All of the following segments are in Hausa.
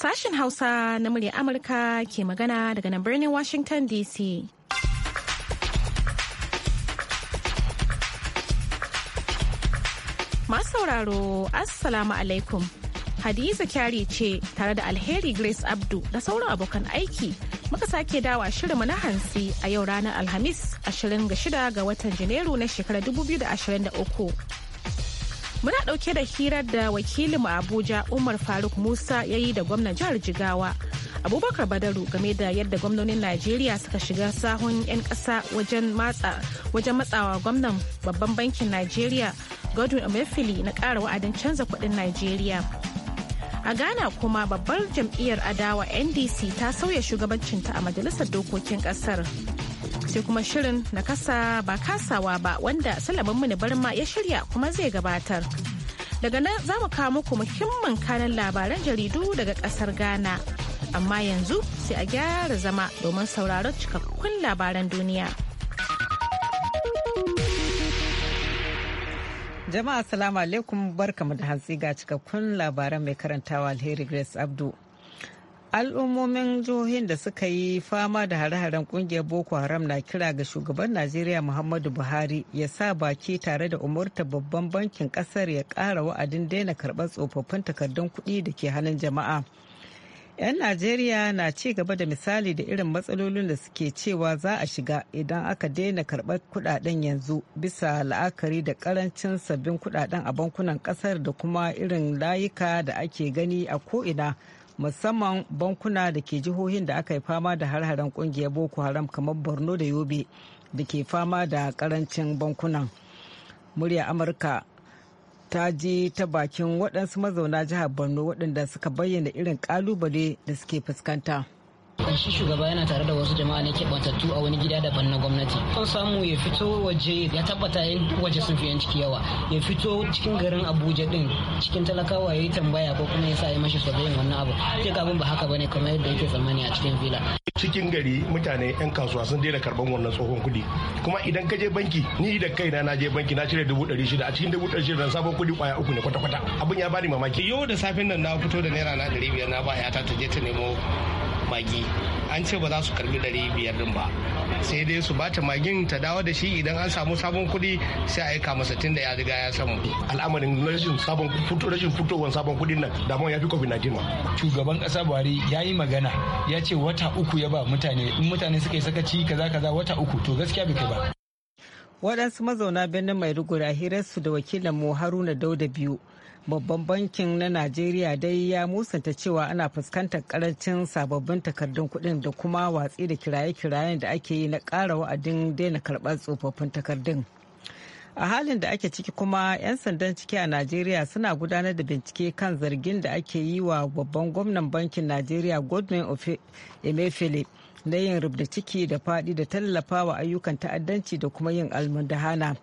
Sashen Hausa na muryar Amurka ke magana daga nan birnin Washington DC. Masu sauraro, Assalamu alaikum. Hadiza kyari ce tare da alheri Grace Abdu da sauran abokan aiki muka sake dawa shirinmu na hansi a yau ranar Alhamis 26 ga watan Janairu na shekarar 2023. Muna ɗauke da hirar da mu Abuja Umar Faruk Musa ya yi da gwamnan jihar Jigawa. Abubakar Badaru game da yadda gwamnonin Najeriya suka shiga sahun 'yan ƙasa wajen matsawa gwamnan babban bankin Najeriya Godwin Emefiele na ƙara wa'adin canza kuɗin Najeriya. A Ghana kuma babbar jam'iyyar adawa NDC ta sauya shugabancinta a majalisar dokokin ƙasar. sai kuma shirin na kasa ba kasawa ba wanda salamin mu barma ya shirya kuma zai gabatar. Daga nan za mu kawo muku muhimmin kanan labaran jaridu daga kasar Ghana. Amma yanzu sai a gyara zama domin sauraron cikakkun labaran duniya. Jama'a salamu alaikum barkamu da hantsi ga cikakkun labaran mai karantawa alheri Grace Abdu. al'ummomin jihohin da suka yi fama da hare-haren kungiyar boko haram na kira ga shugaban najeriya muhammadu buhari ya sa baki tare da umurta babban bankin kasar ya kara wa'adin daina karɓar tsofaffin takardun kuɗi da ke hannun jama'a 'yan najeriya na ci gaba da misali da irin matsalolin da suke cewa za a shiga idan aka daina karɓar kuɗaɗen yanzu bisa la'akari da karancin sabbin kuɗaɗen a bankunan ƙasar da kuma irin layuka da ake gani a ko'ina. musamman bankuna da ke jihohin da aka yi fama da har-haren kungiyar boko haram kamar borno da yobe da ke fama da karancin bankunan murya amurka ta je ta bakin waɗansu mazauna jihar borno waɗanda suka bayyana irin ƙalubale da suke fuskanta. shi shugaba yana tare da wasu jama'a ne keɓantattu a wani gida daban na gwamnati kan samu ya fito waje ya tabbata yin waje sun fi yan ciki yawa ya fito cikin garin abuja din cikin talakawa ya yi tambaya ko kuma ya sa ya mashi yin wannan abu ke kafin ba haka bane kamar yadda yake tsammani a cikin villa cikin gari mutane yan kasuwa sun daina karban wannan tsohon kuɗi kuma idan ka je banki ni da kaina na je banki na cire dubu ɗari shida a cikin dubu ɗari shida sabon kuɗi kwaya uku ne kwata-kwata abin ya bani mamaki yau da safin nan na fito da naira na ɗari biyar na ba ya ta je ta nemo magi an ce ba za su karbi dari biyar din ba sai dai su bata magin ta dawo da shi idan an samu sabon kuɗi sai a aika masa tun da ya riga ya samu al'amarin rashin sabon fito rashin fitowar sabon kuɗin nan da ya fi kofi na dima shugaban ƙasa buhari ya yi magana ya ce wata uku ya ba mutane in mutane suka yi sakaci kaza kaza wata uku to gaskiya bai kai ba waɗansu mazauna birnin maiduguri a hirarsu da wakilin mu haruna dauda biyu babban bankin na najeriya dai ya musanta cewa ana fuskantar karancin sababbin takardun kudin da kuma watsi da kiraye-kirayen da ake yi na kara wa'adin daina karbar tsofaffin takardun a halin da ake ciki kuma 'yan sandan ciki a najeriya suna gudanar da bincike kan zargin da ake yi wa babban gwamnan bankin najeriya godwin emefele na yin rubda ciki da fadi da tallafa wa ayyukan ta'addanci da kuma yin almundahana.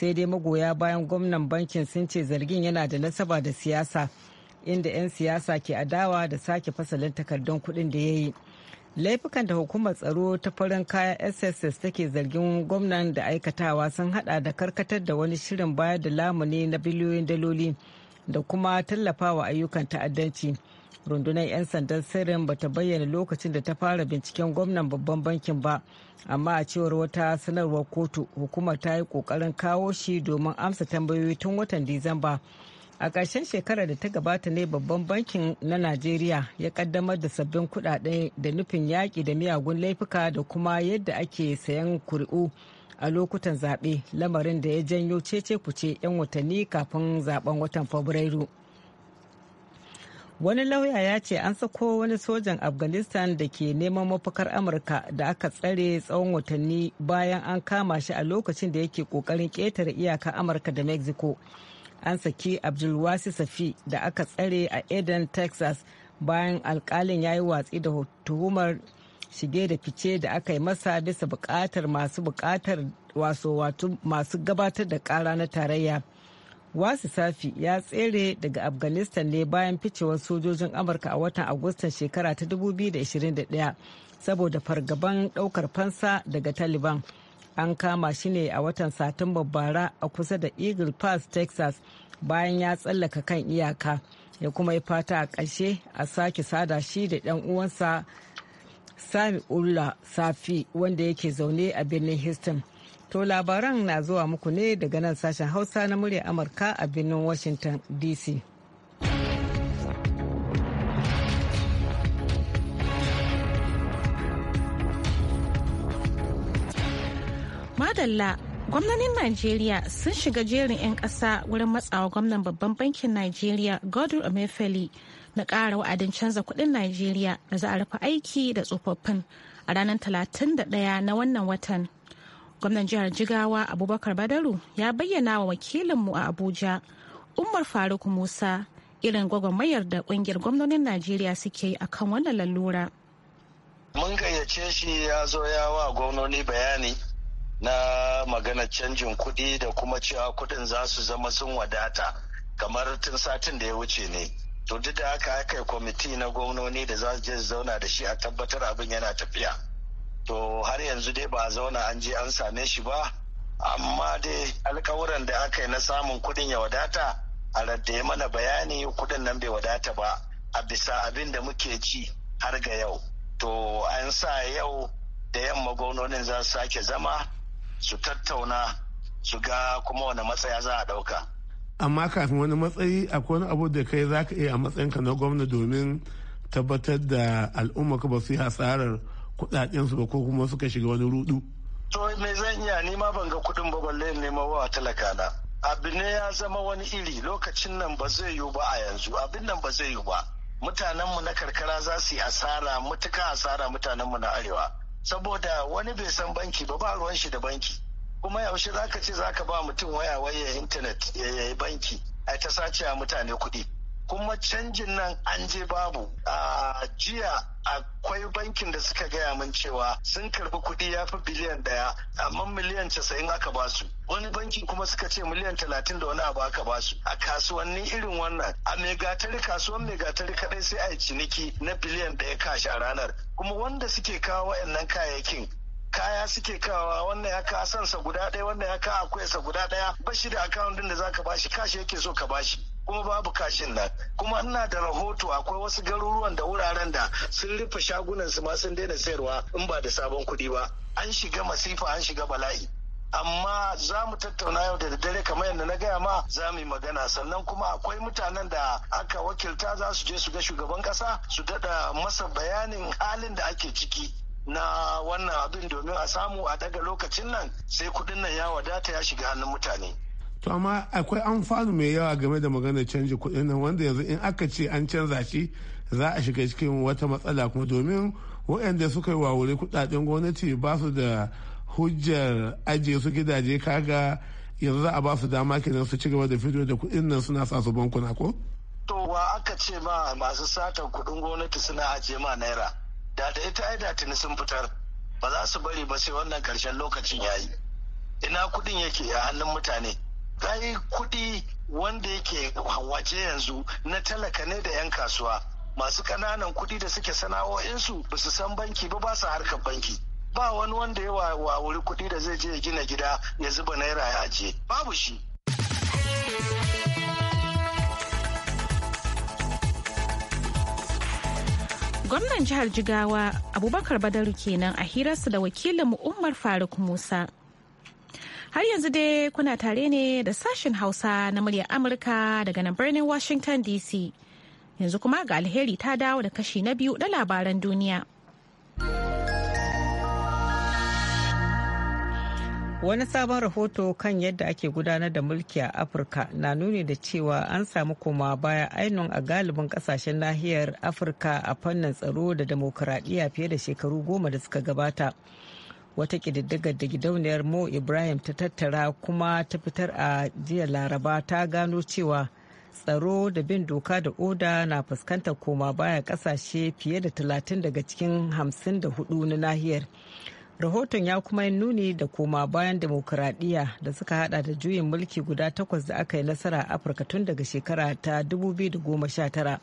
sai dai magoya bayan gwamnan bankin sun ce zargin yana da nasaba da siyasa inda 'yan siyasa ke adawa da sake fasalin takardun kuɗin da ya yi laifukan da hukumar tsaro ta farin kaya sss take zargin gwamnan da aikatawa sun hada da karkatar da wani shirin bayar da lamuni na biliyoyin daloli da kuma tallafawa ayyukan ta'addanci rundunar 'yan sandan sirrin bata bayyana lokacin da ta fara binciken gwamnan babban bankin ba amma a cewar wata sanarwar kotu hukumar ta yi kokarin kawo shi domin amsa tambayoyi tun watan disamba a ƙarshen shekarar da ta gabata ne babban bankin na najeriya ya kaddamar da sabbin kuɗaɗe da nufin yaƙi da miyagun laifuka da kuma yadda ake sayan kuri'u a lokutan zaɓe lamarin da ya janyo cece kuce 'yan watanni kafin zaben watan fabrairu. wani lauya ya ce an sako wani sojan afghanistan da ke neman mafakar amurka da aka tsare tsawon watanni bayan an kama shi a lokacin da yake kokarin ƙetare iyaka amurka da mexico an saki abdulwasi safi da aka tsare a eden texas bayan alkalin ya yi watsi da tuhumar shige da fice da aka yi masa bisa bukatar masu bukatar wato masu gabatar da kara na tarayya wasu safi ya tsere daga afghanistan ne bayan ficewar sojojin amurka a watan agustan shekara ta 2021 saboda fargaban daukar fansa daga taliban an kama shi ne a watan satumbar bara a kusa da eagle pass texas bayan ya tsallaka kan iyaka ya kuma yi fata a ƙarshe a sake sada shi da ɗan uwansa sami ulla safi wanda yake zaune a birnin houston To labaran na zuwa muku ne daga nan sashen Hausa na murya Amurka a birnin Washington DC. Madalla Gwamnanin Najeriya sun shiga jerin 'yan ƙasa wurin matsawa gwamnan babban bankin Najeriya Godwin Emefiele na ƙara wa'adin canza kuɗin Najeriya da za a rufe aiki da tsofaffin a ranar 31 na wannan watan. gwamnan jihar jigawa abubakar badaru ya bayyana wa wakilinmu a abuja umar faruk musa irin gwagwarmayar da kungiyar gwamnonin najeriya suke yi akan wannan lalura mun gayyace shi ya zo ya wa gwamnoni bayani na magana canjin kuɗi da kuma cewa kuɗin za su zama sun wadata kamar tun satin da ya wuce ne to duk da haka aka yi kwamiti na gwamnoni da za su je zauna da shi a tabbatar abin yana tafiya to har yanzu dai ba zauna an je an same shi ba amma dai alkawuran da aka yi na samun kuɗin ya wadata a raddaye mana bayani kuɗin nan bai wadata ba a bisa abin da muke ji har ga yau to an sa yau da yamma gwamnonin za su sake zama su tattauna su ga kuma wani matsaya za a ɗauka. amma kafin wani matsayi akwai wani abu da kai za ka iya a matsayinka na gwamna domin tabbatar da al'umma ka ba su yi hasarar kudadensu ba ko kuma suka shiga wani rudu to me zan iya ni ma ban ga kudin ba balle nema wa talaka na abu ne ya zama wani iri lokacin nan ba zai yiwu ba a yanzu abin nan ba zai yiwu ba Mutanen mu na karkara za su yi asara mutuka asara mutanen mu na arewa saboda wani bai san banki ba ba ruwan shi da banki kuma yaushe za ka ce za ka ba mutum waya waya intanet ya yi banki Ai ta sace a mutane kuɗi kuma canjin nan an je babu a jiya akwai bankin da suka gaya min cewa sun karbi kuɗi ya fi biliyan ɗaya amma miliyan casa'in aka ba su. wani banki kuma suka ce miliyan talatin da wani abu aka ba su. a kasuwanni irin wannan a megatari kasuwan megatari kadai sai a yi ciniki na biliyan ɗaya kashi a ranar kuma wanda suke kawo wa'annan kayayyakin kaya suke kawa wannan ya ka sansa guda ɗaya wannan ya ka akwai sa guda ɗaya ba shi da akawun da zaka bashi kashi yake so ka bashi kuma babu kashin nan kuma ina da rahoto akwai wasu garuruwan da wuraren da sun rufe shagunan su ma sun daina sayarwa in ba da sabon kuɗi ba an shiga masifa an shiga bala'i amma za mu tattauna yau da daddare kamar yadda na gaya ma za mu yi magana sannan kuma akwai mutanen da aka wakilta za su je su ga shugaban kasa su daɗa masa bayanin halin da ake ciki na wannan abin domin a samu a daga lokacin nan sai kuɗin nan ya wadata ya shiga hannun mutane to amma akwai amfani mai yawa game da maganar canji kuɗin nan wanda yanzu in aka ce an canza shi za a shiga cikin wata matsala kuma domin waɗanda suka yi wawure kuɗaɗen gwamnati ba su da hujjar ajiye su gidaje kaga yanzu za a ba su dama kenan su ci gaba da fito da kuɗin nan suna sa su bankuna ko? to wa aka ce ma masu satar kuɗin gwamnati suna ajiye ma naira da da ita ai da sun fitar ba za su bari ba sai wannan karshen lokacin yayi ina kuɗin yake a hannun mutane kai kuɗi wanda yake waje yanzu na talaka ne da 'yan kasuwa masu kananan kuɗi da suke sana'o'insu ba su san banki ba ba su harkar banki ba wani wanda ya wa wuri kuɗi da zai je ya gina gida ya zuba naira ya ajiye babu shi gwamnan jihar jigawa abubakar badaru kenan a hirarsa da wakilin umar faruk musa Har yanzu dai kuna tare ne da sashen Hausa na muryar Amurka daga nan birnin Washington DC. Yanzu kuma ga alheri ta dawo da kashi na biyu na labaran duniya. Wani sabon rahoto kan yadda ake gudanar da mulki a Afirka na nuni da cewa an samu koma baya ainihin a galibin kasashen nahiyar Afirka a fannin tsaro da demokuraɗiyya fiye da shekaru goma da suka gabata. wata ƙididdigar da gidauniyar mo ibrahim ta tattara kuma ta fitar a jiya laraba ta gano cewa tsaro da bin doka da oda na fuskantar koma baya kasashe fiye da talatin daga cikin hamsin da hudu na nahiyar rahoton ya kuma yi nuni da koma bayan demokuraɗiyya da suka hada da juyin mulki guda takwas da aka yi nasara a afirka tun daga shekara ta 2019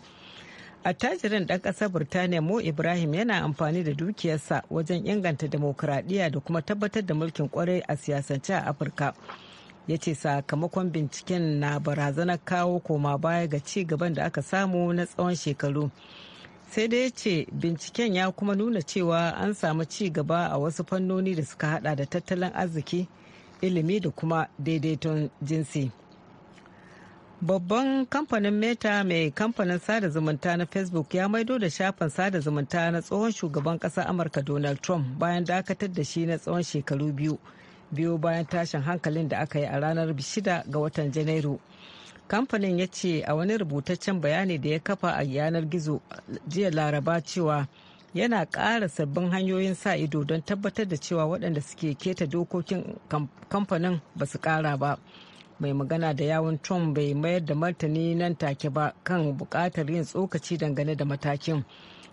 attajirin ɗan ƙasar burtaniya mo ibrahim yana amfani da dukiyarsa wajen inganta demokuraɗiyya da kuma tabbatar da mulkin kwarai a siyasance a afirka ya ce sakamakon binciken na barazanar kawo koma baya ga ci gaban da aka samu na tsawon shekaru sai dai ya ce binciken ya kuma nuna cewa an samu ci gaba a wasu fannoni da suka hada da tattalin arziki ilimi da kuma daidaiton jinsi. Babban kamfanin Meta mai kamfanin sada zumunta na Facebook ya maido da shafin sada zumunta na tsohon shugaban kasa Amurka Donald Trump bayan dakatar da shi na tsawon shekaru biyu, biyu bayan tashin hankalin da aka yi a ranar 6 ga watan Janairu. Kamfanin ya ce a wani rubutaccen bayani da ya kafa a yanar gizo jiya Laraba cewa yana kara sabbin hanyoyin sa ido don tabbatar da cewa waɗanda suke keta dokokin kamfanin ba su ƙara ba. mai magana da yawun trump bai mayar da martani nan take ba kan bukatar yin tsokaci dangane da matakin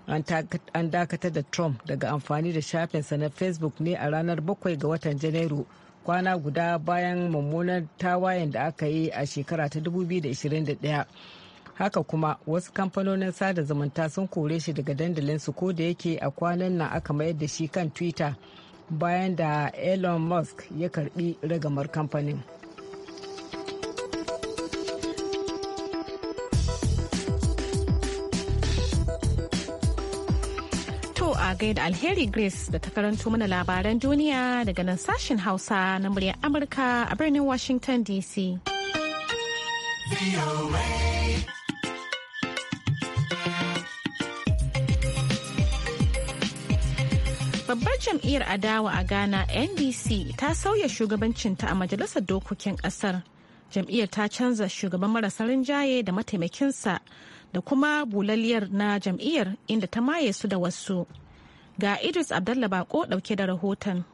an dakatar da trump daga amfani da shafinsa na facebook ne a ranar 7 ga watan janairu kwana guda bayan mummunar tawayen da aka yi a shekara ta 2021 haka kuma wasu kamfanonin sada zumunta sun kore shi daga dandalinsu ko da yake a kwanan nan aka mayar da shi kan twitter bayan da elon musk ya karbi ragamar kamfanin. a gaida alheri Grace da ta karanto mana labaran duniya daga nan sashen Hausa na muryar Amurka a birnin Washington DC. Babbar jam'iyyar adawa a Ghana NDC ta sauya shugabancinta a majalisar dokokin kasar. Jam'iyyar ta canza shugaban marasa rinjaye da mataimakinsa da kuma bulaliyar na jam'iyyar inda ta maye su da wasu. Ga Idris Abdalla Bako dauke da rahoton.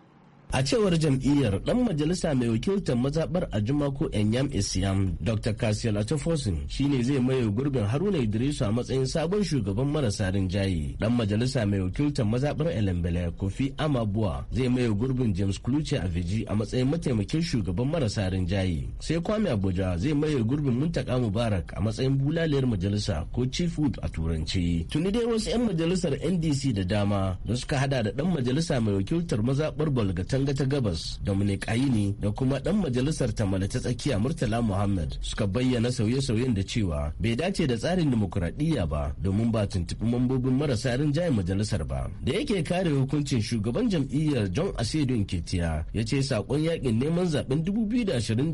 A cewar jam'iyyar ɗan majalisa mai wakiltar mazaɓar Ajuma ko Enyam Isiyam, Dr. Kasiel Atofosin shi ne zai maye gurbin Haruna Idrisu a matsayin sabon shugaban marasa rinjaye. Ɗan majalisa mai wakiltar mazaɓar Elembele Kofi Amabuwa zai maye gurbin James Kluche a Viji a matsayin mataimakin shugaban marasa rinjaye. Sai Kwame Abuja zai maye gurbin Muntaka Mubarak a matsayin bulaliyar majalisa ko Chief Wood a Turanci. Tuni dai wasu 'yan majalisar NDC da dama da suka hada da ɗan majalisa mai wakiltar mazaɓar Bolgata katanga ta gabas dominic aini da kuma dan majalisar ta tamale ta tsakiya murtala muhammad suka bayyana sauye-sauyen da cewa bai dace da tsarin demokuraɗiyya ba domin ba tuntuɓi mambobin marasa rinjayen majalisar ba da yake kare hukuncin shugaban jam'iyyar john asedo nketiya ya ce sakon yakin neman zaben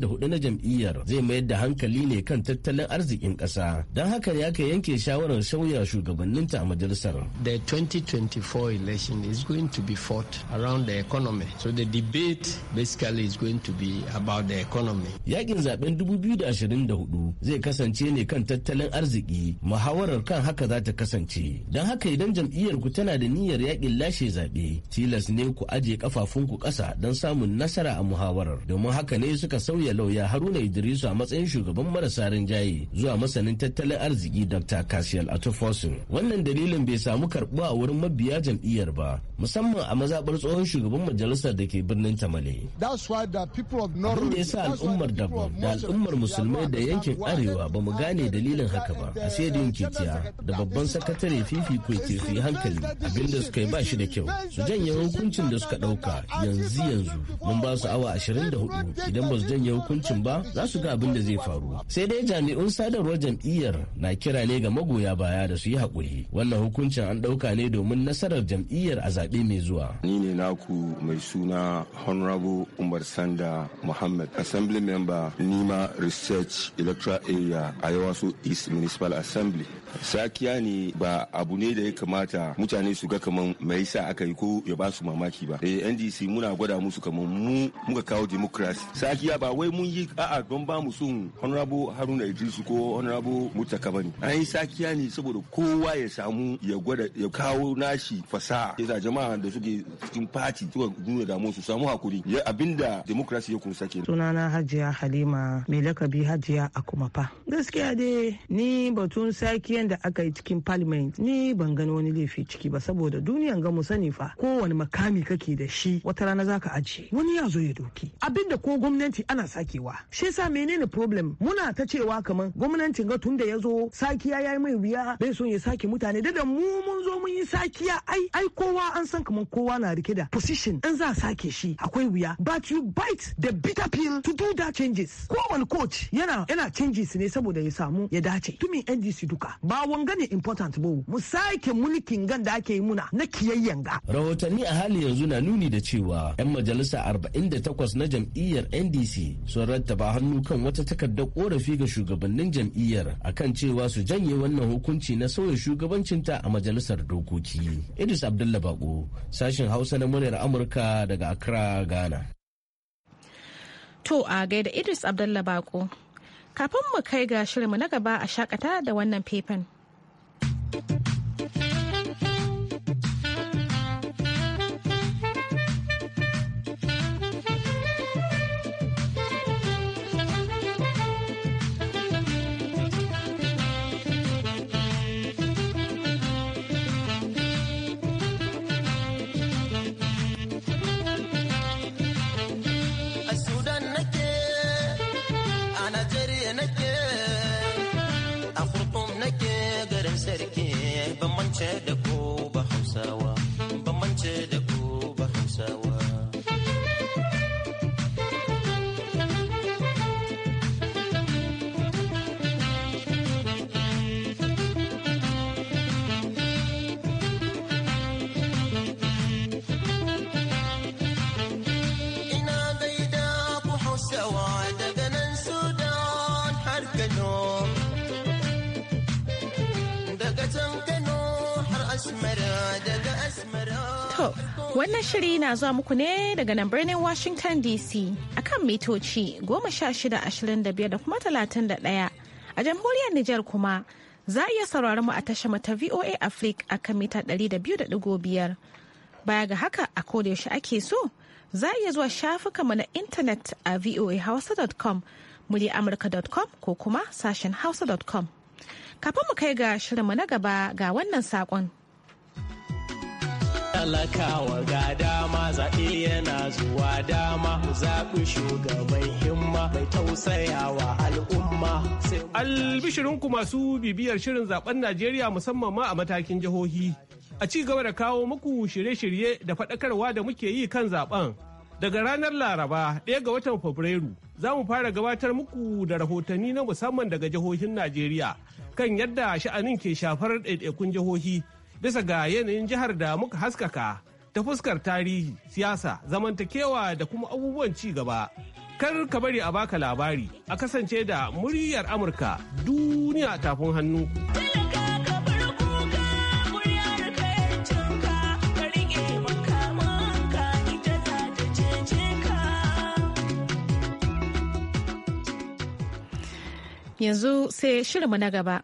hudu na jam'iyyar zai mayar da hankali ne kan tattalin arzikin ƙasa don haka ya ka yanke shawarar sauya shugabanninta a majalisar the 2024 election is going to be fought around the economy so the debate basically is going to be about the economy. Yakin zaben 2024 zai kasance ne kan tattalin arziki, muhawarar kan haka za ta kasance. Don haka idan jam'iyyar ku tana da niyyar yakin lashe zaɓe, tilas ne ku aje ku ƙasa don samun nasara a muhawarar. Domin haka ne suka sauya lauya Haruna Idrisu a matsayin shugaban marasa rinjaye zuwa masanin tattalin arziki Dr. Kasiel Atufosin. Wannan dalilin bai samu karɓuwa a wurin mabiya jam'iyyar ba, musamman a mazaɓar tsohon shugaban majalisar da da ke birnin tamale abin da ya sa al'ummar dabam da al'ummar musulmai da yankin arewa ba mu gane dalilin haka ba a sai da yin kitiya da babban sakatare fifi ko ke fi hankali abin da suka yi ba shi da kyau su janye hukuncin da suka dauka yanzu yanzu mun ba su awa hudu idan ba su janye hukuncin ba za su ga abin da zai faru sai dai jami'un sadarwar jam'iyyar na kira ne ga magoya baya da su yi haƙuri wannan hukuncin an dauka ne domin nasarar jam'iyyar a zaɓe mai zuwa ni ne naku mai suna na Honorable Umar Sanda Muhammad, Assembly Member Nima Research Electoral Area a Yawasu East Municipal Assembly. Sakiya ne ba abu ne da ya kamata mutane su ga kaman mai sa aka yi ko ya ba su mamaki ba. Eh NDC muna gwada musu kaman mu muka kawo democracy. Sakiya ba wai mun yi a'a don ba mu sun Honorable Haruna Idrisu ko Honorable Mutaka bane. An yi sakiya ne saboda kowa ya samu ya gwada ya kawo nashi fasaha. Yasa jama'a da suke cikin party suka nuna samu su samu hakuri ya abinda demokrasi ya kunsa ke sunana hajiya halima mai lakabi hajiya a kuma fa gaskiya dai ni batun sakiyan da aka yi cikin parliament ni ban gani wani laifi ciki ba saboda duniyan ga mu sani fa kowane makami kake da shi wata rana zaka ajiye wani ya zo ya doki abinda ko gwamnati ana sakewa shi yasa menene problem muna ta cewa kaman gwamnatin ga tun da ya zo sakiya ya yi mai wuya bai son ya sake mutane da da mu mun zo mun yi sakiya ai ai kowa an san kaman kowa na rike da position in za a sake shi akwai wuya but you bite the bitter pill to do that changes kowane coach yana yana changes ne saboda ya samu ya dace tumin NDC duka ba wanga ne important ba mu sake mulkin gan da ake yi muna na kiyayyen ga rahotanni a hali yanzu na nuni da cewa yan majalisa 48 na jam'iyyar NDC sun rattaba hannu kan wata takardar korafi ga shugabannin jam'iyyar akan cewa su janye wannan hukunci na sauya shugabancinta a majalisar dokoki Idris Abdullah Bako sashen Hausa na muryar Amurka daga daga Accra, Ghana. To a gaida Idris Abdalla Bako. Kafin mu kai ga shirinmu na gaba a shakata da wannan faifan. Wannan shiri na zuwa muku ne daga nan birnin Washington DC akan mitoci 1625 da kuma 31 a jamhuriyar Nijar kuma za a iya sauraron mu a tashar mata VOA Africa akan mita 200.5. Baya ga haka a yaushe ake so za a iya zuwa mu na intanet a voahausa.com amurka.com ko kuma sashen hausa.com. Kafin mu kai ga shirinmu na gaba ga wannan saƙon. talakawa ga dama zaɓe yana zuwa dama zaɓi shugaban himma mai tausayawa al'umma. Albishirinku masu bibiyar shirin zaben Najeriya musamman ma a matakin jihohi. A ci gaba da kawo muku shirye-shirye da faɗakarwa da muke yi kan zaben. Daga ranar Laraba ɗaya ga watan Fabrairu za mu fara gabatar muku da rahotanni na musamman daga jihohin Najeriya kan yadda sha'anin ke shafar ɗaiɗaikun jihohi bisa ga yanayin jihar da muka haskaka ta fuskar tarihi, siyasa, zamantakewa da kuma abubuwan ci gaba. Kar ka bari a baka labari, a kasance da muryar Amurka duniya tafin hannu. Yanzu sai shirinmu na gaba.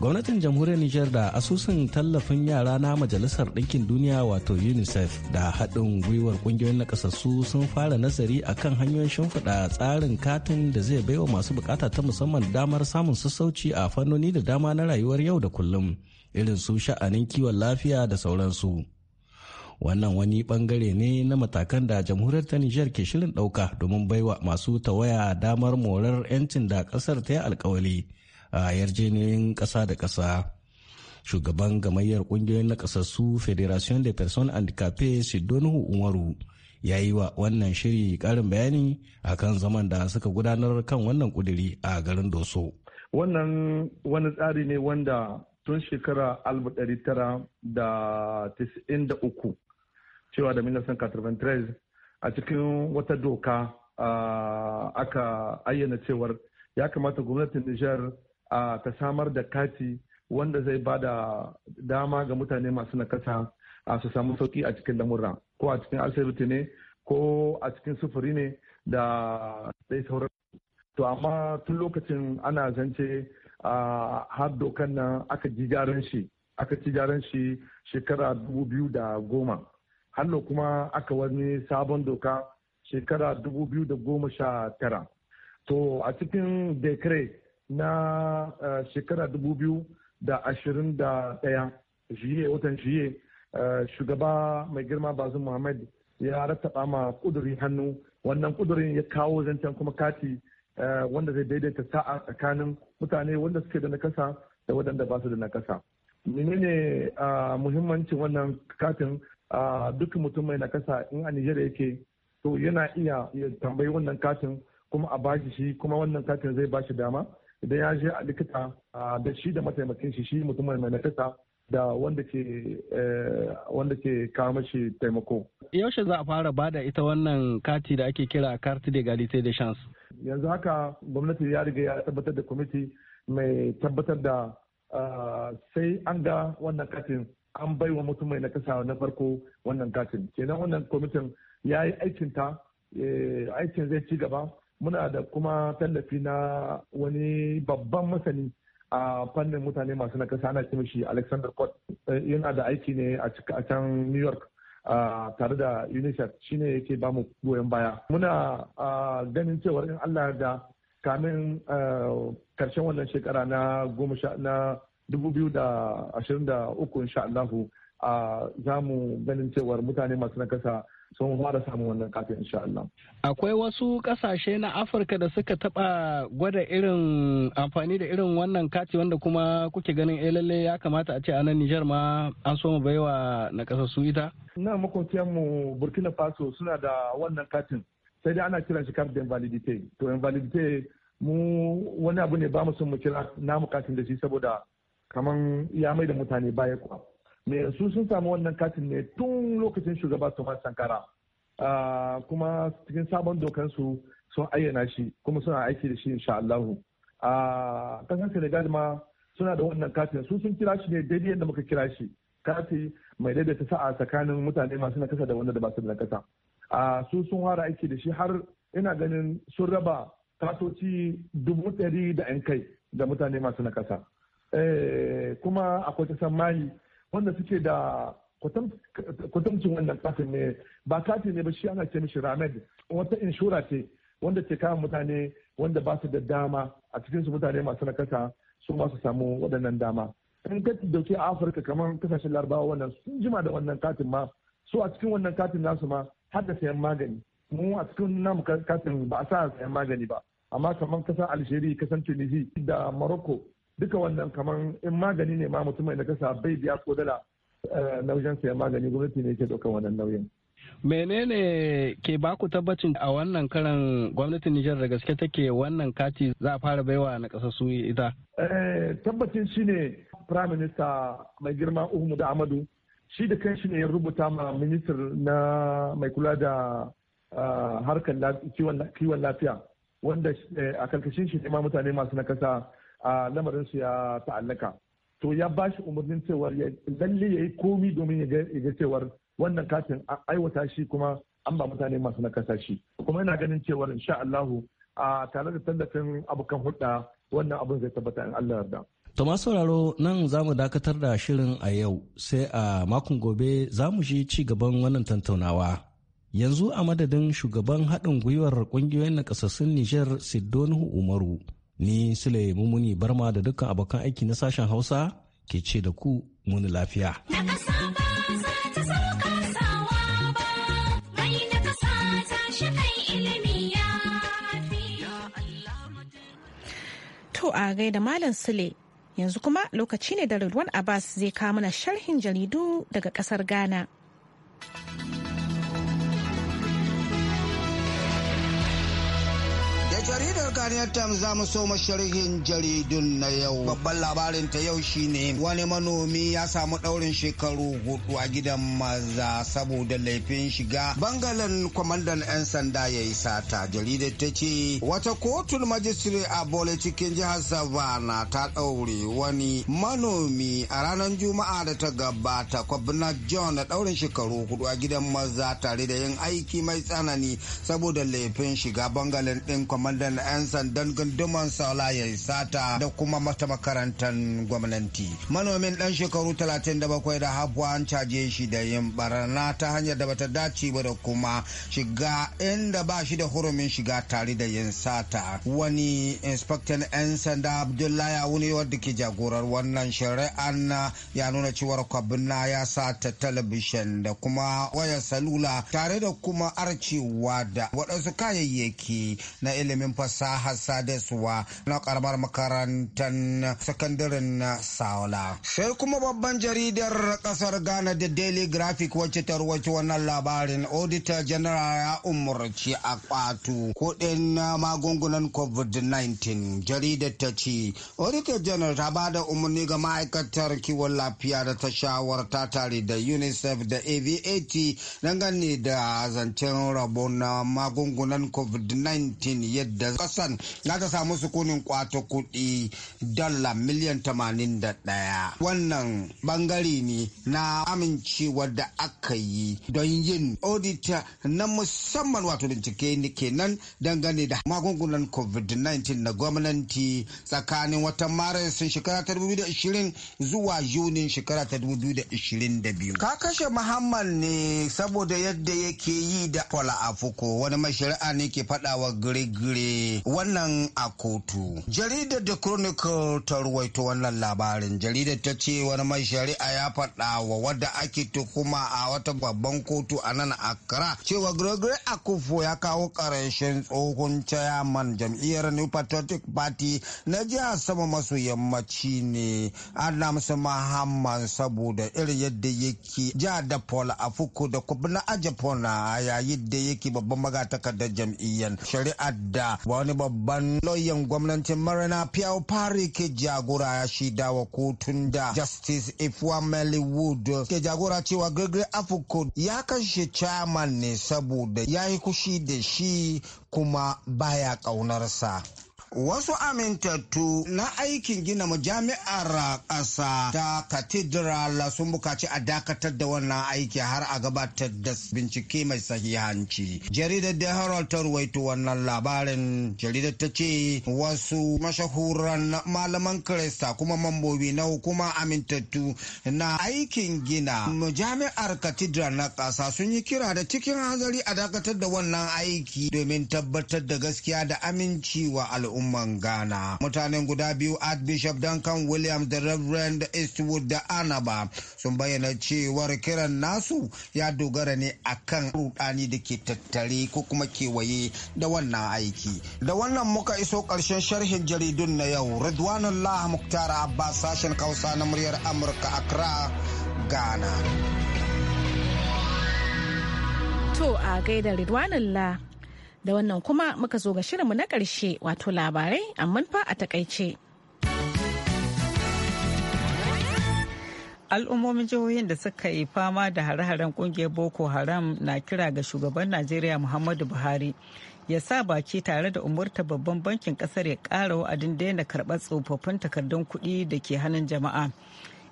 gwamnatin jamhuriyar nijar da asusun tallafin yara na majalisar ɗinkin duniya wato unicef da haɗin gwiwar ƙungiyoyin nakasassu sun fara nazari akan hanyoyin shimfiɗa tsarin katin da zai baiwa masu bukata ta musamman damar samun sassauci a fannoni da dama na rayuwar yau da kullum irin su sha'anin kiwon lafiya da sauransu wannan wani bangare ne na matakan da jamhuriyar ta nijar ke shirin ɗauka domin baiwa masu tawaya damar morar 'yancin da ƙasar ta yi alkawali a yarjejeniyoyin ƙasa da ƙasa shugaban gamayyar ƙungiyoyin nakasassu federation de personnes handicapées sidonu umaru ya yi wa wannan shiri ƙarin bayani akan zaman da suka gudanar kan wannan kudiri a garin doso wannan wani tsari ne wanda tun shekara da da uku cewa da 1993 a cikin wata doka aka ayyana cewar ya kamata gwamnatin Nijar ta samar da kati wanda zai ba da dama ga mutane masu nakasa su samu sauki a cikin lamurra ko a cikin asibiti ne ko a cikin sufuri ne da dai sauran to amma tun lokacin ana zance a har dokan nan aka ji jaran shi aka ci jaran shi shekara dubu biyu da goma hannu kuma aka wani sabon doka shekara dubu biyu da goma sha tara to a cikin dekret na eh, shekara 2021 jiye watan jiye eh, shugaba mai girma bazin muhammad ya rattaba ma kuduri hannu wannan kudurin ya kawo zancen kuma kati eh, wanda zai daidaita sa'a tsakanin mutane wanda suke da nakasa da waɗanda ba su da nakasa menene muhimmancin wannan katin duk mutum mai nakasa in a nijar yake to yana iya tambayi wannan katin kuma a bashi shi kuma wannan katin zai bashi dama idan ya je a likita da shi da mataimakin shi shi mutumin mai nakasa da wanda ke e, wanda ke kawo mashi taimako. Yaushe za a fara bada ita wannan kati da ake kira carte d'égalité de chance? Yanzu haka gwamnati ya riga ya tabbatar da kwamiti mai tabbatar da sai an ga wannan katin an bai wa mutum mai nakasa na farko wannan katin. Kenan wannan kwamitin ya yi aikinta e, aikin zai ci gaba muna da kuma tallafi na wani babban masani a fannin mutane masu nakasa ana ce shi alexander kot eh, yana da aiki ne a can new york tare da unicef shine yake ba mu goyon baya muna ganin cewar in allah da kamin karshen wannan shekara na goma sha na dubu biyu da ashirin da uku insha allahu za mu ganin cewar mutane masu nakasa sun fara samun wannan kafin insha Allah. Akwai wasu kasashe na Afirka da suka taba gwada irin amfani da irin wannan kati wanda kuma kuke ganin eh lalle ya kamata a ce a nan Nijar ma an so mu baiwa na su ita? Na makwabciyar mu Burkina Faso suna da wannan katin sai dai ana kiran shi carte d'invalidité to invalidité mu wani abu ne ba mu son mu kira namu katin da shi saboda kaman ya mai da mutane baya kuwa. me su sun samu wannan katin ne tun lokacin shugaba Thomas Sankara ah, kuma cikin sabon dokansu sun ayyana shi kuma suna aiki da shi insha Allahu a ah, kasan Senegal ma suna da wannan katin su sun kira shi ne daidai yadda muka kira shi kati mai daidaita sa'a tsakanin mutane masu nakasa da wanda da ba su da nakasa a ah, su sun fara aiki da shi har ina ganin sun raba tasoci dubu ɗari da 'yan kai da mutane masu nakasa eh, kuma akwai kasan mai wanda suke da kwatancin wannan katin ne ba katin ne ba shi ana ce mishi ramed wata inshura ce wanda ke kama mutane wanda ba su da dama a cikin su mutane masu nakasa su ma su samu waɗannan dama in ka dauke a afirka kamar kasashen larabawa wannan sun jima da wannan katin ma su a cikin wannan katin nasu ma har da sayan magani mu a cikin namu katin ba a sa sayan magani ba amma kamar kasar algeria kasar tunisia da morocco duka wannan kamar in magani ne ma mutum da kasa bai biya ko dala eh, na wajen sayan magani gwamnati ne ke dokan wannan nauyin. menene ke baku tabbacin a wannan karan gwamnatin Nijar da gaske take wannan kati za a fara baiwa na kasa su ita? Eh, tabbacin shi ne Prime Minister mai girma da Amadu shi da kan shi ne ya rubuta ma minister na mai kula da eh, harkar kiwon lafiya wanda a karkashin shi ne ma mutane masu nakasa a lamarin su ya ta'allaka to ya ba shi umarnin cewar lalle ya yi komi domin ya ga cewar wannan katin aiwata shi kuma an ba mutane masu nakasa shi kuma yana ganin cewar insha Allahu a tare da tallafin abokan hulɗa wannan abin zai tabbata in Allah yarda. To masu sauraro nan za mu dakatar da shirin a yau sai a makon gobe za mu shi ci gaban wannan tantaunawa. Yanzu a madadin shugaban haɗin gwiwar ƙungiyoyin na Nijar Sidon Umaru Ni Sule Mumuni Barma da dukkan abokan aiki na sashen Hausa ke ce da ku muni lafiya. To a gaida Malam Sule yanzu kuma lokaci ne da Ridwan Abbas zai kawo mana sharhin jaridu daga kasar Ghana. Kaniyar tam za mu so sharhin jaridun na yau. Babban labarin ta yau shine wani manomi ya samu daurin shekaru hudu a gidan maza saboda laifin shiga bangalan kwamandan 'yan sanda ya yi sata. Jaridar ta ce wata kotun majistire a Bole cikin jihar savana ta daure wani manomi a ranar Juma'a da ta gabata kwabna John da daurin shekaru hudu a gidan maza tare da yin aiki mai tsanani saboda laifin shiga bangalan din kwamandan 'yan sandan gunduman saula ya sata da kuma mata makarantar gwamnati manomin dan shekaru 37 da hafuwa an caje shi da yin barana ta hanyar da bata dace ba da kuma shiga inda ba shi da hurumin shiga tare da yin sata wani inspector 'yan sanda abdullahi awuni wadda ke jagorar wannan shari'an ya nuna cewar kwabna ya sata talabishin da kuma waya salula tare da kuma arcewa da waɗansu kayayyaki na ilimin fasa fasahar sadarwa na karamar makarantar sakandaren Saula. Sai kuma babban jaridar kasar Ghana da Daily Graphic wacce ta ruwaci wannan labarin Auditor General ya umurci a kwatu kuɗin magungunan COVID-19. Jaridar ta ce, Auditor General ta ba da umarni ga ma'aikatar kiwon lafiya da ta shawarta tare da UNICEF da AVAT dangane da zancen rabo na magungunan COVID-19 yadda Pakistan za ta samu sukunin kwato kudi dala miliyan 81. Wannan bangare ne na amincewa da aka yi don yin odita na musamman wato bincike kenan dangane da magungunan COVID-19 na gwamnati tsakanin watan Maris shekara ta 2020 zuwa Yunin shekara ta 2022. Ka kashe Muhammad ne saboda yadda yake yi da Fola Afuko wani mashari'a ne ke faɗawa gire-gire wannan a kotu. Jaridar The Chronicle ta ruwaito wannan labarin. Jaridar ta ce wani mai shari'a ya faɗa wa wadda ake tukuma a wata babban kotu a nan Accra cewa Gregory Akufo ya kawo ƙarshen tsohon chairman jam'iyyar New Patriotic Party na jihar sama maso yammaci ne Adams Muhammad saboda irin yadda yake ja da Paul Afuku da kuma na Ajapona yayin da yake babban magatakardar jam'iyyar shari'ar da wani babban lauyan gwamnatin marina piao pari ke jagora ya shida wa kotun da justice ifwameli wood ke jagora cewa gregory afuku ya kashe chairman ne saboda ya yi kushi da shi kuma baya ƙaunarsa. wasu amintattu na aikin gina majami'ar ƙasa ta cathedral sun bukaci a dakatar da wannan aiki har a gabatar da bincike mai sahihanci jaridar da herald ta ruwaito wannan labarin jaridar ta ce wasu mashahuran malaman krista kuma mambobi na hukuma amintattu na aikin gina majami'ar cathedral na ƙasa sun yi kira da cikin hanzari a dakatar da wannan aiki domin tabbatar da gaskiya da aminci wa al'umma umman ghana mutanen guda biyu archbishop duncan williams da reverend eastwood da anaba sun bayyana cewar kiran nasu ya dogara ne akan rudani da ke tattare ko kuma kewaye da wannan aiki da wannan muka iso karshen sharhin jaridun na yau ridwanullah muktara abba sashen kausa na muryar amurka accra ghana to a gaida lah. da wannan kuma muka zo ga shirinmu na ƙarshe wato labarai amma fa a takaice. al'ummomin jihohin da suka yi fama da hare-haren ƙungiyar boko haram na kira ga shugaban najeriya muhammadu buhari ya sa baki tare da umurta babban bankin kasar ya ƙara wa'adin daina karɓar tsofaffin takardun kuɗi da ke hannun jama'a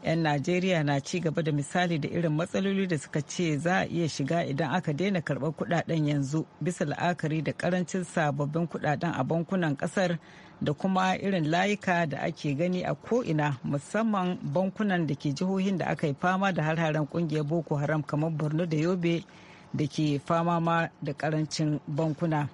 'yan najeriya na ci gaba da misali da irin matsaloli da suka ce za a iya shiga idan aka daina karɓar kudaden yanzu bisa la'akari da karancin sababbin kudaden a bankunan kasar da kuma irin layuka da ake gani a ko'ina musamman bankunan da ke jihohin da aka yi fama da har-haren kungiyar boko haram kamar borno da yobe da ke fama ma da karancin bankuna.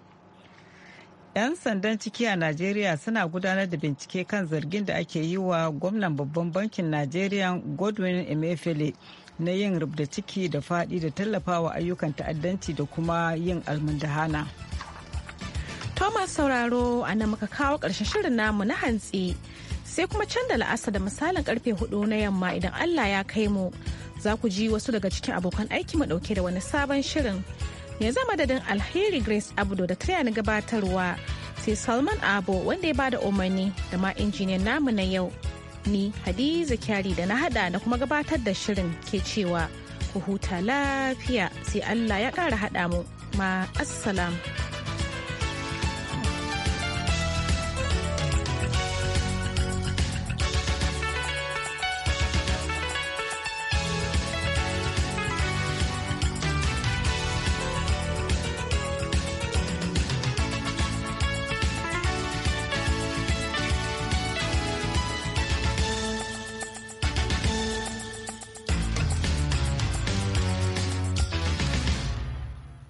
'Yan sandan ciki a Najeriya suna gudanar da bincike kan zargin da ake yi wa gwamnan babban bankin Najeriya Godwin Emefiele na yin rubda ciki da fadi da tallafawa ayyukan ta'addanci da kuma yin almundahana. Thomas sauraro a nan muka kawo karshen shirin namu na hantsi sai kuma can da la'asa da misalin karfe hudu na yamma idan Allah ya kai mu za ku ji wasu daga cikin abokan aiki mu ɗauke da wani sabon shirin. ya yanzu madadin alheri grace abdo da taya ni gabatarwa sai salman abo wanda ya bada umarni da ma injiniyan namu na yau ni hadiza kyari da na hada da kuma gabatar da shirin ke cewa ku huta lafiya sai allah ya kara hada mu ma assalamu